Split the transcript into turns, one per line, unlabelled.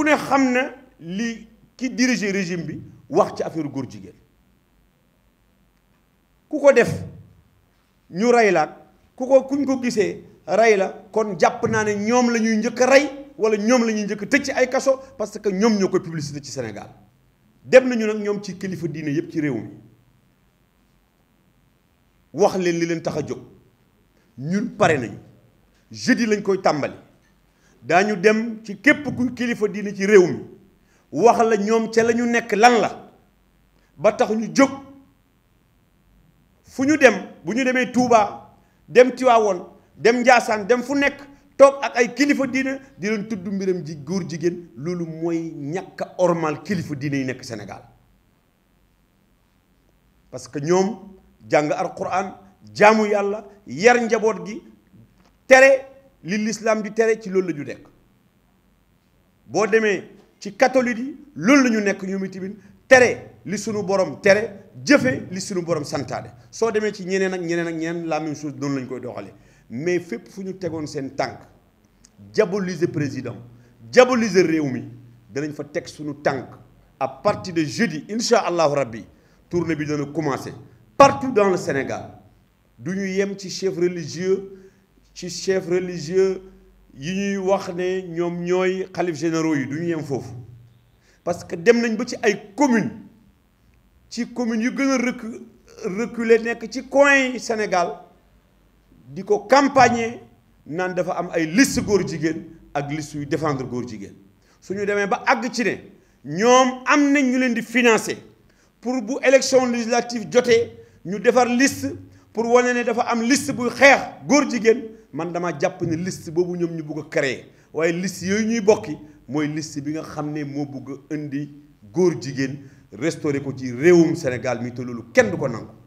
ku ne xam na li ki diriger régime bi wax ci affaire góor jigéen ku ko def ñu rey laat ku ko kuñ ko gisee ray la kon jàpp naa ne ñoom la ñuy njëkk a rey wala ñoom la ñuy njëkk a tëj ci ay kaso parce que ñoom ñoo koy publicité ci Sénégal dem nañu nag ñoom ci kilifa diine yépp ci réew mi wax leen li leen tax a jóg ñun pare nañu jeudi lañ koy tàmbali. daañu dem ci képp ku kilifa diine ci réew mi wax la ñoom ca la ñu nekk lan la ba taxuñu jóg fu ñu dem bu ñu demee Touba dem Tiwaawoon dem Njaasaan dem fu nekk toog ak ay kilifa diine di leen tudd mbiram ji góor jigéen loolu mooy ñàkk a ormal kilifa diine yi nekk Sénégal parce que ñoom jàng al quran jaamu yàlla yar njaboot gi tere li l'islam du terre ci loolu lañu ñu bo démé ci catholique yi loolu la ñu nekk ñoom itamit tere li sunu borom tere jëfé li sunu borom santade so démé ci ñeneen ak ñeneen ak ñeneen la même chose doon lañ koy doxalee mais fep fuñu téggone sen tank. diaboliser président diaboliser réew dañ fa teg sunu tank. à partir de jeudi inshallah rabi rabbi tournée bi dana commencer partout dans le Sénégal duñu ci chef religieux ci chef religieux yi ñuy wax ne ñoom ñooy xalif généraux yi du ñu yem foofu parce que dem nañ ba ci ay communes ci communes yu gën a recu reculé nekk ci coin Sénégal di ko campagner naan dafa am ay liste góor jigéen ak liste yu défendre góor jigéen suñu demee ba àgg ci ne ñoom am nañ ñu leen di financer pour bu élection législative jotee ñu defar liste pour wane ne dafa am list buy xeex góor jigéen man dama jàpp ne list boobu ñoom ñu bugg a créer waaye liste yooyu ñuy bokki mooy list bi nga xam ne moo bugg indi góor jigéen restauré ko ci réewum Sénégal mi te loolu kenn du ko nangu.